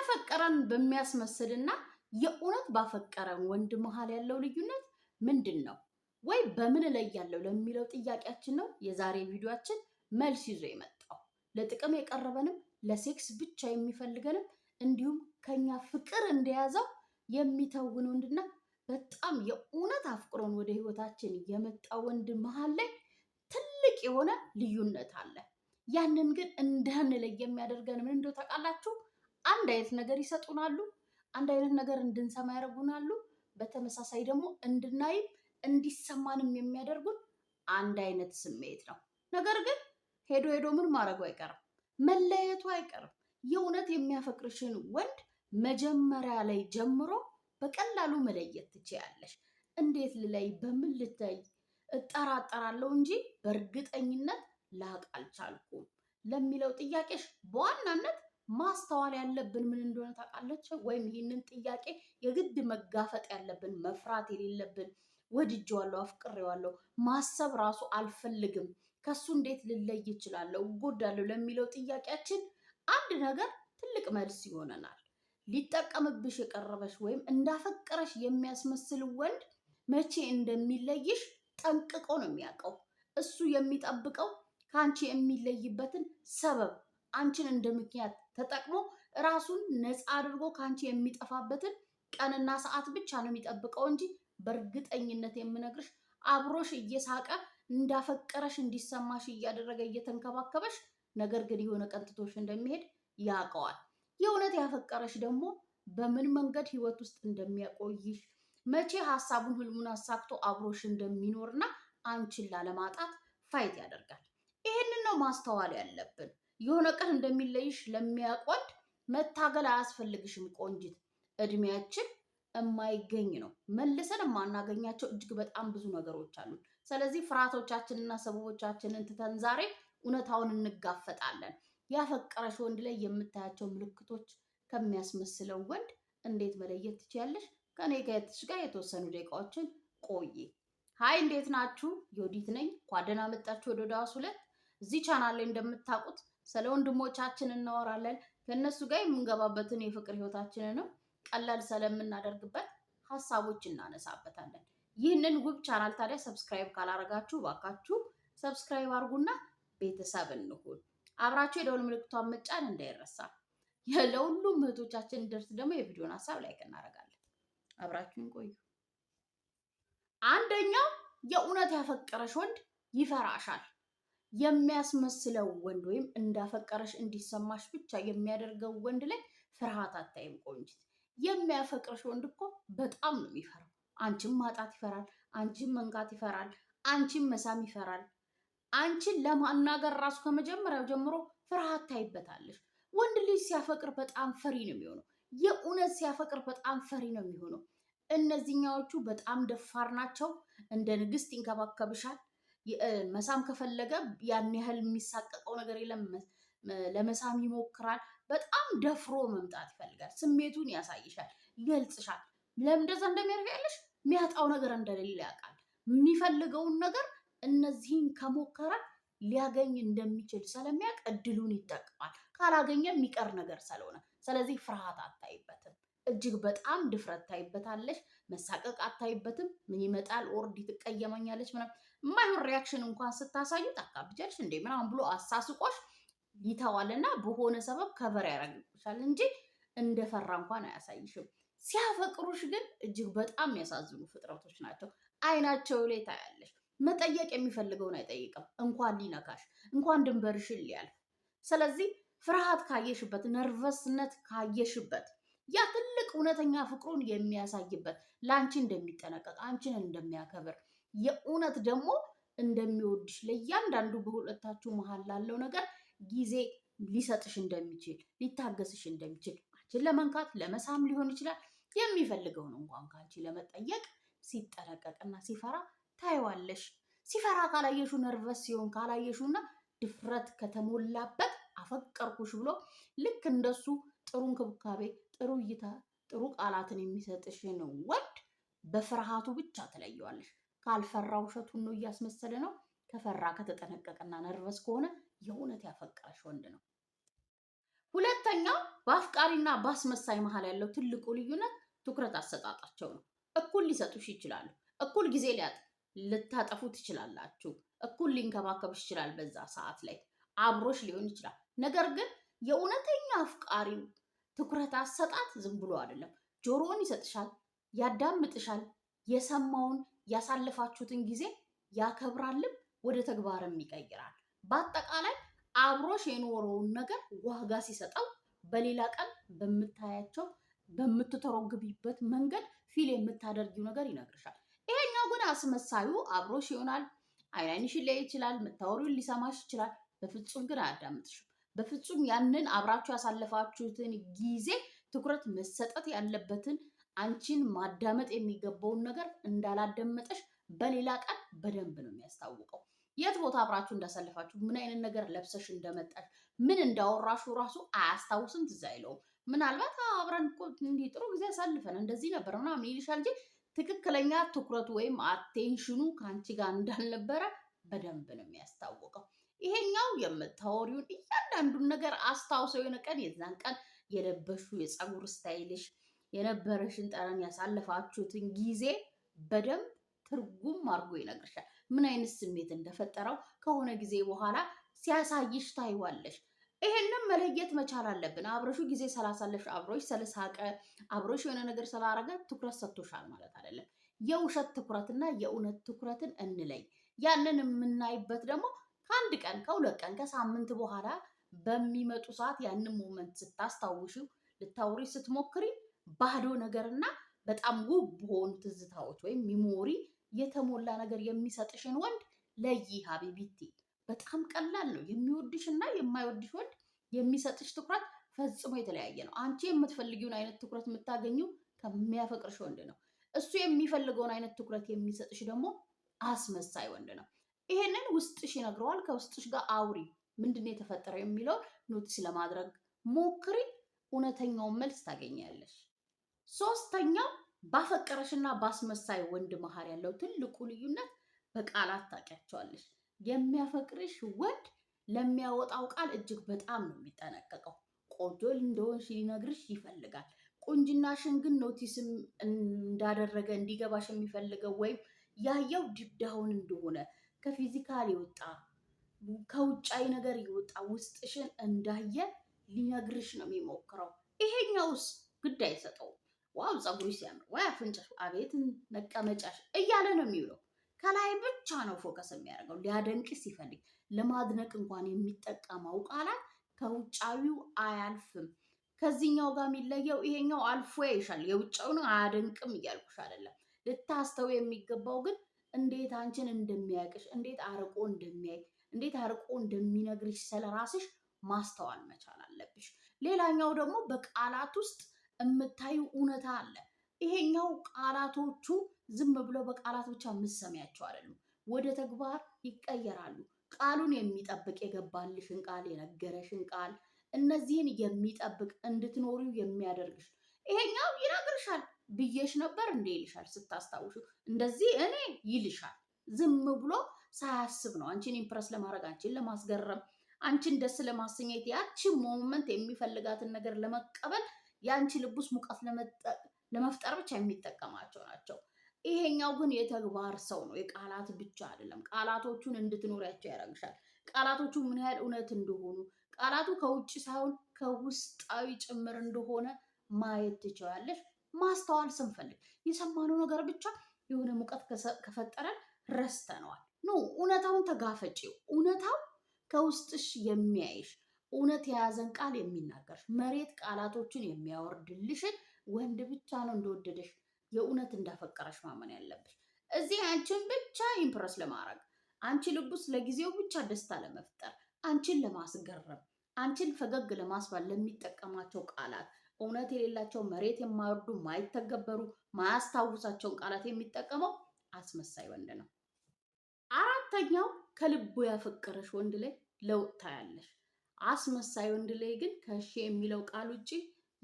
እንዳፈቀረን በሚያስመስልና የእውነት ባፈቀረን ወንድ መሀል ያለው ልዩነት ምንድን ነው ወይ በምን ላይ ያለው ለሚለው ጥያቄያችን ነው የዛሬ ቪዲዮአችን መልስ ይዞ የመጣው። ለጥቅም የቀረበንም ለሴክስ ብቻ የሚፈልገንም እንዲሁም ከኛ ፍቅር እንደያዘው የሚተውን ወንድና በጣም የእውነት አፍቅሮን ወደ ህይወታችን የመጣ ወንድ መሃል ላይ ትልቅ የሆነ ልዩነት አለ። ያንን ግን እንዳንለይ የሚያደርገን ምን እንደው ታውቃላችሁ? አንድ አይነት ነገር ይሰጡናሉ። አንድ አይነት ነገር እንድንሰማ ያደርጉናሉ። በተመሳሳይ ደግሞ እንድናይም እንዲሰማንም የሚያደርጉን አንድ አይነት ስሜት ነው። ነገር ግን ሄዶ ሄዶ ምን ማድረጉ አይቀርም፣ መለየቱ አይቀርም። የእውነት የሚያፈቅርሽን ወንድ መጀመሪያ ላይ ጀምሮ በቀላሉ መለየት ትችያለሽ። እንዴት ልለይ፣ በምን ልታይ እጠራጠራለሁ እንጂ በእርግጠኝነት ላቅ አልቻልኩም ለሚለው ጥያቄሽ በዋናነት ማስተዋል ያለብን ምን እንደሆነ ታውቃለች። ወይም ይህንን ጥያቄ የግድ መጋፈጥ ያለብን መፍራት የሌለብን ወድጄዋለሁ፣ አፍቅሬዋለሁ፣ ማሰብ ራሱ አልፈልግም፣ ከሱ እንዴት ልለይ ይችላለሁ፣ እጎዳለሁ ለሚለው ጥያቄያችን አንድ ነገር ትልቅ መልስ ይሆነናል። ሊጠቀምብሽ የቀረበሽ ወይም እንዳፈቀረሽ የሚያስመስል ወንድ መቼ እንደሚለይሽ ጠንቅቆ ነው የሚያውቀው። እሱ የሚጠብቀው ከአንቺ የሚለይበትን ሰበብ አንቺን እንደ ምክንያት ተጠቅሞ ራሱን ነፃ አድርጎ ከአንቺ የሚጠፋበትን ቀንና ሰዓት ብቻ ነው የሚጠብቀው እንጂ በእርግጠኝነት የምነግርሽ አብሮሽ እየሳቀ እንዳፈቀረሽ እንዲሰማሽ እያደረገ እየተንከባከበሽ፣ ነገር ግን የሆነ ቀን ትቶሽ እንደሚሄድ ያውቀዋል። የእውነት ያፈቀረሽ ደግሞ በምን መንገድ ህይወት ውስጥ እንደሚያቆይሽ መቼ ሀሳቡን ህልሙን አሳክቶ አብሮሽ እንደሚኖርና አንቺን ላለማጣት ፋይት ያደርጋል። ይህንን ነው ማስተዋል ያለብን። የሆነ ቀን እንደሚለይሽ ለሚያቆድ መታገል አያስፈልግሽም ቆንጅት። እድሜያችን የማይገኝ ነው። መልሰን የማናገኛቸው እጅግ በጣም ብዙ ነገሮች አሉ። ስለዚህ ፍርሃቶቻችንና ሰበቦቻችንን ትተን ዛሬ እውነታውን እንጋፈጣለን። ያፈቀረሽ ወንድ ላይ የምታያቸው ምልክቶች ከሚያስመስለው ወንድ እንዴት መለየት ትችያለሽ? ከኔ ከየትሽ ጋር የተወሰኑ ደቂቃዎችን ቆይ። ሀይ እንዴት ናችሁ? ዮዲት ነኝ። ኳደና መጣችሁ ወደ ዳዋስ ሁለት። እዚህ ቻናል ላይ እንደምታውቁት ስለ ወንድሞቻችን እናወራለን። ከእነሱ ጋር የምንገባበትን የፍቅር ህይወታችንንም ቀላል ስለምናደርግበት ሀሳቦች እናነሳበታለን። ይህንን ውብ ቻናል ታዲያ ሰብስክራይብ ካላረጋችሁ ባካችሁ ሰብስክራይብ አድርጉና ቤተሰብ እንሁን። አብራችሁ የደውል ምልክቷን መጫን እንዳይረሳ። ለሁሉም እህቶቻችን ደርስ ደግሞ የቪዲዮን ሀሳብ ላይክ እናደርጋለን። አብራችሁን ቆዩ። አንደኛው የእውነት ያፈቀረሽ ወንድ ይፈራሻል። የሚያስመስለው ወንድ ወይም እንዳፈቀረሽ እንዲሰማሽ ብቻ የሚያደርገው ወንድ ላይ ፍርሃት አታይም ቆንጅት። የሚያፈቅርሽ ወንድ እኮ በጣም ነው የሚፈራው። አንቺን ማጣት ይፈራል፣ አንቺን መንካት ይፈራል፣ አንቺን መሳም ይፈራል። አንቺን ለማናገር ራሱ ከመጀመሪያው ጀምሮ ፍርሃት ታይበታለሽ። ወንድ ልጅ ሲያፈቅር በጣም ፈሪ ነው የሚሆነው። የእውነት ሲያፈቅር በጣም ፈሪ ነው የሚሆነው። እነዚህኛዎቹ በጣም ደፋር ናቸው። እንደ ንግስት ይንከባከብሻል። መሳም ከፈለገ ያን ያህል የሚሳቀቀው ነገር የለም። ለመሳም ይሞክራል። በጣም ደፍሮ መምጣት ይፈልጋል። ስሜቱን ያሳይሻል፣ ይገልጽሻል። ለምን እንደዛ እንደሚያደርግ ያለሽ የሚያጣው ነገር እንደሌለ ያውቃል። የሚፈልገውን ነገር እነዚህን ከሞከረ ሊያገኝ እንደሚችል ስለሚያውቅ እድሉን ይጠቅማል። ካላገኘ የሚቀር ነገር ስለሆነ፣ ስለዚህ ፍርሃት አታይበትም። እጅግ በጣም ድፍረት ታይበታለሽ። መሳቀቅ አታይበትም። ምን ይመጣል ኦርዲ ትቀየመኛለች ምናምን የማይሆን ሪያክሽን እንኳን ስታሳዩ ታካብጃለሽ እንዴ ምናምን ብሎ አሳስቆሽ ይተዋልና በሆነ ሰበብ ከበር ያደርግሻል እንጂ እንደፈራ እንኳን አያሳይሽም። ሲያፈቅሩሽ ግን እጅግ በጣም የሚያሳዝኑ ፍጥረቶች ናቸው። አይናቸው ላይ ታያለሽ። መጠየቅ የሚፈልገውን አይጠይቅም። እንኳን ሊነካሽ እንኳን ድንበርሽን ሊያልፍ። ስለዚህ ፍርሃት ካየሽበት፣ ነርቨስነት ካየሽበት ያ ትልቅ እውነተኛ ፍቅሩን የሚያሳይበት ለአንቺ እንደሚጠነቀቅ አንቺን እንደሚያከብር የእውነት ደግሞ እንደሚወድሽ ለእያንዳንዱ በሁለታችሁ መሀል ላለው ነገር ጊዜ ሊሰጥሽ እንደሚችል ሊታገስሽ እንደሚችል አንቺን ለመንካት ለመሳም ሊሆን ይችላል የሚፈልገውን እንኳን ከአንቺ ለመጠየቅ ሲጠረቀቅና ሲፈራ ታይዋለሽ። ሲፈራ ካላየሹ፣ ነርቨስ ሲሆን ካላየሹ እና ድፍረት ከተሞላበት አፈቀርኩሽ ብሎ ልክ እንደሱ ጥሩ እንክብካቤ፣ ጥሩ እይታ፣ ጥሩ ቃላትን የሚሰጥሽን ወንድ በፍርሃቱ ብቻ ትለየዋለሽ። ካልፈራ ውሸቱን ነው እያስመሰለ ነው። ከፈራ ከተጠነቀቀና ነርቨስ ከሆነ የእውነት ያፈቀረሽ ወንድ ነው። ሁለተኛው በአፍቃሪና በአስመሳይ መሀል ያለው ትልቁ ልዩነት ትኩረት አሰጣጣቸው ነው። እኩል ሊሰጡሽ ይችላሉ። እኩል ጊዜ ልታጠፉ ትችላላችሁ። እኩል ሊንከባከብሽ ይችላል። በዛ ሰዓት ላይ አብሮሽ ሊሆን ይችላል። ነገር ግን የእውነተኛ አፍቃሪው ትኩረት አሰጣጥ ዝም ብሎ አይደለም። ጆሮውን ይሰጥሻል፣ ያዳምጥሻል፣ የሰማውን ያሳለፋችሁትን ጊዜ ያከብራልም፣ ወደ ተግባርም ይቀይራል። በአጠቃላይ አብሮሽ የኖረውን ነገር ዋጋ ሲሰጠው በሌላ ቀን በምታያቸው በምትተረጉሚበት መንገድ ፊል የምታደርጊው ነገር ይነግርሻል። ይሄኛው ግን አስመሳዩ አብሮሽ ይሆናል፣ አይን አይንሽን ሊያይ ይችላል፣ የምታወሪውን ሊሰማሽ ይችላል። በፍጹም ግን አያዳምጥሽም። በፍጹም ያንን አብራችሁ ያሳለፋችሁትን ጊዜ ትኩረት መሰጠት ያለበትን አንቺን ማዳመጥ የሚገባውን ነገር እንዳላደመጠሽ በሌላ ቀን በደንብ ነው የሚያስታውቀው። የት ቦታ አብራችሁ እንዳሳለፋችሁ፣ ምን አይነት ነገር ለብሰሽ እንደመጣሽ፣ ምን እንዳወራሹ ራሱ አያስታውስም፣ ትዝ አይለውም። ምናልባት አብረን እኮ እንዲህ ጥሩ ጊዜ አሳልፈን እንደዚህ ነበር ምናምን ይልሻል እንጂ ትክክለኛ ትኩረቱ ወይም አቴንሽኑ ከአንቺ ጋር እንዳልነበረ በደንብ ነው የሚያስታውቀው። ይሄኛው የምታወሪውን እያንዳንዱን ነገር አስታውሰው የሆነ ቀን የዛን ቀን የለበሹ የፀጉር ስታይልሽ የነበረሽን ጠረን ያሳለፋችሁትን ጊዜ በደንብ ትርጉም አድርጎ ይነግርሻል። ምን አይነት ስሜት እንደፈጠረው ከሆነ ጊዜ በኋላ ሲያሳይሽ ታይዋለሽ። ይሄንም መለየት መቻል አለብን። አብረሹ ጊዜ ስላሳለፍሽ፣ አብሮሽ ስለሳቀ፣ አብሮሽ የሆነ ነገር ስላረገ ትኩረት ሰጥቶሻል ማለት አይደለም። የውሸት ትኩረትና የእውነት ትኩረትን እንለይ። ያንን የምናይበት ደግሞ ከአንድ ቀን ከሁለት ቀን ከሳምንት በኋላ በሚመጡ ሰዓት ያንን ሞመንት ስታስታውሽው ልታውሪ ስትሞክሪ ባዶ ነገርና በጣም ውብ በሆኑ ትዝታዎች ወይም ሚሞሪ የተሞላ ነገር የሚሰጥሽን ወንድ ለይ ሀቢቢቲ። በጣም ቀላል ነው። የሚወድሽ እና የማይወድሽ ወንድ የሚሰጥሽ ትኩረት ፈጽሞ የተለያየ ነው። አንቺ የምትፈልጊውን አይነት ትኩረት የምታገኙ ከሚያፈቅርሽ ወንድ ነው። እሱ የሚፈልገውን አይነት ትኩረት የሚሰጥሽ ደግሞ አስመሳይ ወንድ ነው። ይሄንን ውስጥሽ ይነግረዋል። ከውስጥሽ ጋር አውሪ። ምንድን ነው የተፈጠረው የሚለው ኖቲስ ለማድረግ ሞክሪ። እውነተኛውን መልስ ታገኛለሽ። ሶስተኛው ባፈቀረሽና ባስመሳይ ወንድ መሀል ያለው ትልቁ ልዩነት በቃላት ታውቂያቸዋለሽ። የሚያፈቅርሽ ወንድ ለሚያወጣው ቃል እጅግ በጣም ነው የሚጠነቀቀው። ቆንጆ እንደሆንሽ ሊነግርሽ ይፈልጋል። ቁንጅናሽን ግን ኖቲስም እንዳደረገ እንዲገባሽ የሚፈልገው ወይም ያየው ዲብዳውን እንደሆነ ከፊዚካል የወጣ ከውጫዊ ነገር እየወጣ ውስጥሽን እንዳየ ሊነግርሽ ነው የሚሞክረው። ይሄኛውስ ግድ አይሰጠውም። ዋው ፀጉሪ ሲያምር፣ ወይ አፍንጫሽ፣ አቤት መቀመጫሽ እያለ ነው የሚውለው። ከላይ ብቻ ነው ፎከስ የሚያደርገው። ሊያደንቅ ሲፈልግ ለማድነቅ እንኳን የሚጠቀመው ቃላት ከውጫዊው አያልፍም። ከዚህኛው ጋር የሚለየው ይሄኛው አልፎ ያይሻል። የውጫውን አያደንቅም እያልኩሽ አይደለም። ልታስተው የሚገባው ግን እንዴት አንቺን እንደሚያቅሽ እንዴት አርቆ እንደሚያይ እንዴት አርቆ እንደሚነግርሽ ስለራስሽ ማስተዋል መቻል አለብሽ። ሌላኛው ደግሞ በቃላት ውስጥ የምታዩ እውነታ አለ። ይሄኛው ቃላቶቹ ዝም ብለው በቃላት ብቻ የምትሰሚያቸው አይደሉም፣ ወደ ተግባር ይቀየራሉ። ቃሉን የሚጠብቅ የገባልሽን ቃል የነገረሽን ቃል እነዚህን የሚጠብቅ እንድትኖሪው የሚያደርግሽ ይሄኛው ይነግርሻል ብዬሽ ነበር እንዴ ይልሻል። ስታስታውሹ እንደዚህ እኔ ይልሻል ዝም ብሎ ሳያስብ ነው። አንቺን ኢምፕረስ ለማድረግ፣ አንቺን ለማስገረም፣ አንቺን ደስ ለማሰኘት ያቺ ሞመንት የሚፈልጋትን ነገር ለመቀበል የአንቺ ልቡስ ሙቀት ለመፍጠር ብቻ የሚጠቀማቸው ናቸው። ይሄኛው ግን የተግባር ሰው ነው። የቃላት ብቻ አይደለም። ቃላቶቹን እንድትኖሪያቸው ያረግሻል። ቃላቶቹ ምን ያህል እውነት እንደሆኑ ቃላቱ ከውጭ ሳይሆን ከውስጣዊ ጭምር እንደሆነ ማየት ትችላለሽ። ማስተዋል ስንፈልግ የሰማነው ነገር ብቻ የሆነ ሙቀት ከፈጠረን ረስተነዋል። ኑ እውነታውን ተጋፈጪው። እውነታው ከውስጥሽ የሚያይሽ እውነት የያዘን ቃል የሚናገርሽ መሬት ቃላቶችን የሚያወርድልሽን ወንድ ብቻ ነው እንደወደደሽ የእውነት እንዳፈቀረሽ ማመን ያለብሽ። እዚህ አንቺን ብቻ ኢምፕረስ ለማድረግ አንቺ ልቡስ ለጊዜው ብቻ ደስታ ለመፍጠር አንቺን ለማስገረም አንቺን ፈገግ ለማስባል ለሚጠቀማቸው ቃላት እውነት የሌላቸው መሬት የማይወርዱ ማይተገበሩ ማያስታውሳቸውን ቃላት የሚጠቀመው አስመሳይ ወንድ ነው። አራተኛው ከልቡ ያፈቀረሽ ወንድ ላይ ለውጥ ታያለሽ። አስመሳይ ወንድ ላይ ግን ከሺ የሚለው ቃል ውጭ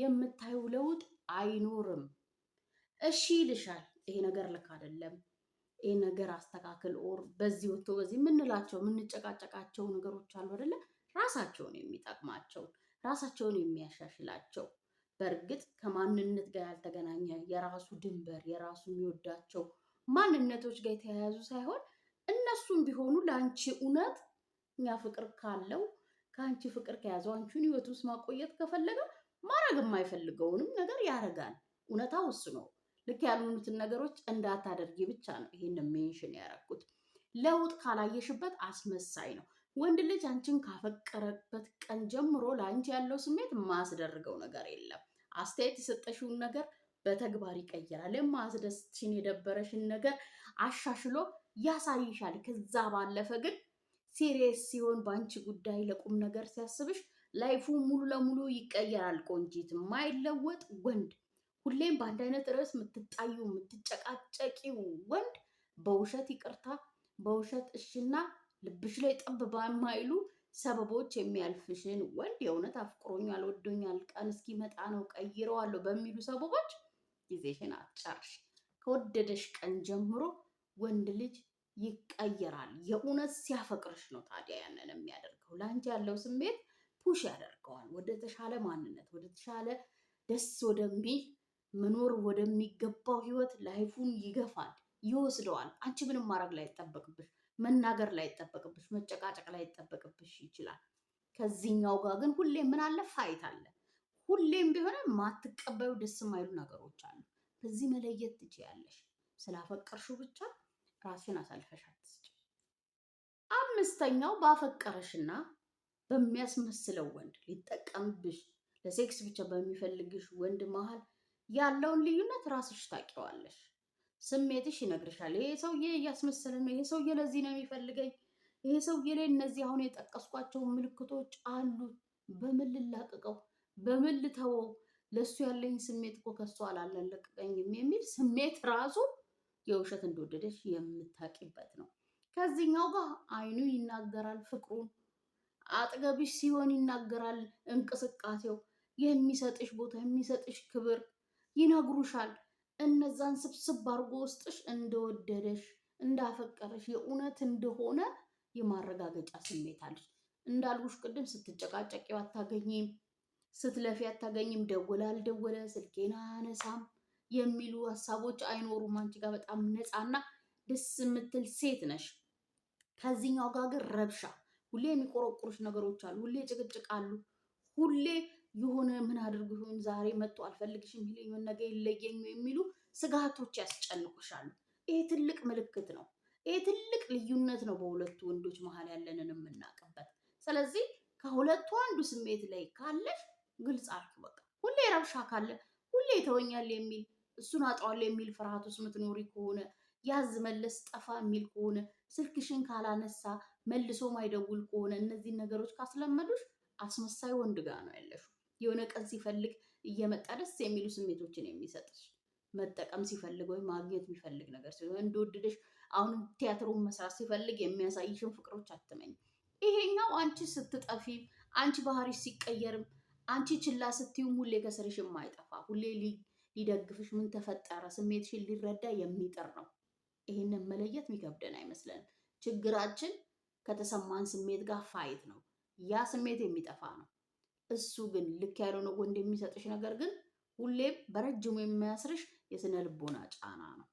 የምታየው ለውጥ አይኖርም። እሺ ይልሻል፣ ይሄ ነገር ልክ አይደለም፣ ይሄ ነገር አስተካክል፣ ኦር በዚህ ወጥቶ በዚህ የምንላቸው የምንጨቃጨቃቸው ነገሮች አሉ አይደለ? ራሳቸውን የሚጠቅማቸው ራሳቸውን የሚያሻሽላቸው በእርግጥ ከማንነት ጋር ያልተገናኘ የራሱ ድንበር የራሱ የሚወዳቸው ማንነቶች ጋር የተያያዙ ሳይሆን እነሱም ቢሆኑ ለአንቺ እውነት እኛ ፍቅር ካለው ከአንቺ ፍቅር ከያዘው አንቺን ህይወት ውስጥ ማቆየት ከፈለገ ማድረግ የማይፈልገውንም ነገር ያደርጋል። እውነታው እሱ ነው። ልክ ያልሆኑትን ነገሮች እንዳታደርጊ ብቻ ነው ይህን ሜንሽን ያደረኩት። ለውጥ ካላየሽበት አስመሳይ ነው። ወንድ ልጅ አንቺን ካፈቀረበት ቀን ጀምሮ ለአንቺ ያለው ስሜት የማያስደርገው ነገር የለም። አስተያየት የሰጠሽውን ነገር በተግባር ይቀይራል። የማያስደስትሽን የደበረሽን ነገር አሻሽሎ ያሳይሻል። ከዛ ባለፈ ግን ሲሪየስ ሲሆን በአንቺ ጉዳይ ለቁም ነገር ሲያስብሽ ላይፉ ሙሉ ለሙሉ ይቀየራል። ቆንጂት የማይለወጥ ወንድ፣ ሁሌም በአንድ አይነት ርዕስ የምትጣዩ የምትጨቃጨቂው ወንድ በውሸት ይቅርታ በውሸት እሽና ልብሽ ላይ ጠብ በማይሉ ሰበቦች የሚያልፍሽን ወንድ የእውነት አፍቅሮኛል ወዶኛል ቀን እስኪመጣ ነው ቀይረዋለሁ በሚሉ ሰበቦች ጊዜሽን አትጨርሽ። ከወደደሽ ቀን ጀምሮ ወንድ ልጅ ይቀየራል። የእውነት ሲያፈቅርሽ ነው ታዲያ ያንን የሚያደርገው። ለአንቺ ያለው ስሜት ፑሽ ያደርገዋል ወደ ተሻለ ማንነት፣ ወደ ተሻለ ደስ ወደሚል መኖር ወደሚገባው ህይወት ላይፉን ይገፋል፣ ይወስደዋል። አንቺ ምንም ማድረግ ላይ ይጠበቅብሽ፣ መናገር ላይ ይጠበቅብሽ፣ መጨቃጨቅ ላይ ይጠበቅብሽ ይችላል። ከዚህኛው ጋር ግን ሁሌም ምን አለ ፋይት አለ። ሁሌም ቢሆን ማትቀበዩ ደስ የማይሉ ነገሮች አሉ። በዚህ መለየት ትችያለሽ ስላፈቀርሽው ብቻ ራስሽን አሳልፈሽ አትስጪ። አምስተኛው ባፈቀረሽና በሚያስመስለው ወንድ ሊጠቀምብሽ ለሴክስ ብቻ በሚፈልግሽ ወንድ መሀል ያለውን ልዩነት ራስሽ ታውቂዋለሽ። ስሜትሽ ይነግርሻል። ይሄ ሰውዬ እያስመሰለ ነው፣ ይሄ ሰውዬ ለዚህ ነው የሚፈልገኝ፣ ይሄ ሰውዬ ላይ እነዚህ አሁን የጠቀስኳቸው ምልክቶች አሉ። በምን ልላቅቀው? በምን ልተወው? ለእሱ ያለኝ ስሜት እኮ ከሱ የሚል ስሜት ራሱ የውሸት እንደወደደች የምታቂበት ነው። ከዚህኛው ጋር አይኑ ይናገራል ፍቅሩን፣ አጥገብሽ ሲሆን ይናገራል እንቅስቃሴው፣ የሚሰጥሽ ቦታ የሚሰጥሽ ክብር ይነግሩሻል። እነዛን ስብስብ አድርጎ ውስጥሽ እንደወደደሽ እንዳፈቀረሽ የእውነት እንደሆነ የማረጋገጫ ስሜት አለ እንዳልኩሽ ቅድም ስትጨቃጨቂው አታገኝም፣ ስትለፊ አታገኝም። ደወለ አልደወለ ስልኬን አነሳም የሚሉ ሀሳቦች አይኖሩም። አንቺ ጋር በጣም ነፃና ደስ የምትል ሴት ነሽ። ከዚህኛው ጋር ግን ረብሻ፣ ሁሌ የሚቆረቁሩሽ ነገሮች አሉ፣ ሁሌ ጭቅጭቅ አሉ፣ ሁሌ የሆነ ምን አድርጉ ይሆን ዛሬ መጥቶ አልፈልግሽም ይለኛል፣ ነገ ይለየኝ የሚሉ ስጋቶች ያስጨንቁሻሉ። ይሄ ትልቅ ምልክት ነው። ይሄ ትልቅ ልዩነት ነው በሁለቱ ወንዶች መሀል ያለንን የምናውቅበት። ስለዚህ ከሁለቱ አንዱ ስሜት ላይ ካለሽ ግልጽ አርኩ። በቃ ሁሌ ረብሻ ካለ ሁሌ ይተወኛል የሚል እሱን አጠዋለ የሚል ፍርሃት ውስጥ ምትኖሪ ከሆነ ያዝ መለስ ጠፋ የሚል ከሆነ ስልክሽን ካላነሳ መልሶ ማይደውል ከሆነ እነዚህን ነገሮች ካስለመዱሽ አስመሳይ ወንድ ጋር ነው ያለሽ። የሆነ ቀን ሲፈልግ እየመጣ ደስ የሚሉ ስሜቶችን የሚሰጥሽ መጠቀም ሲፈልግ ወይም ማግኘት የሚፈልግ ነገር ሲሆን እንደወደደሽ አሁን ቲያትሩን መስራት ሲፈልግ የሚያሳይሽን ፍቅሮች አትመኝ። ይሄኛው አንቺ ስትጠፊ፣ አንቺ ባህሪሽ ሲቀየርም፣ አንቺ ችላ ስትዩም ሁሌ ከስርሽ የማይጠፋ ሁሌ ሊደግፍሽ ምን ተፈጠረ ስሜትሽን ሊረዳ የሚጥር ነው። ይህንን መለየት የሚከብደን አይመስለንም። ችግራችን ከተሰማን ስሜት ጋር ፋይት ነው። ያ ስሜት የሚጠፋ ነው። እሱ ግን ልክ ያልሆነ ወንድ የሚሰጥሽ ነገር ግን ሁሌም በረጅሙ የሚያስርሽ የስነ ልቦና ጫና ነው።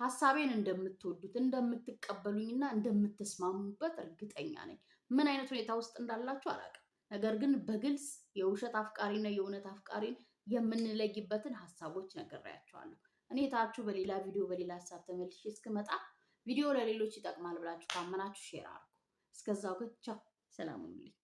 ሀሳቤን እንደምትወዱት እንደምትቀበሉኝና እንደምትስማሙበት እርግጠኛ ነኝ። ምን አይነት ሁኔታ ውስጥ እንዳላችሁ አላውቅም። ነገር ግን በግልጽ የውሸት አፍቃሪና የእውነት አፍቃሪን የምንለይበትን ሀሳቦች ነግሬያቸዋለሁ። እኔ ታችሁ በሌላ ቪዲዮ በሌላ ሀሳብ ተመልሼ እስክመጣ ቪዲዮ ለሌሎች ይጠቅማል ብላችሁ ካመናችሁ ሼር አድርጉ። እስከዛው ግን ቻው፣ ሰላም ሁኑልኝ።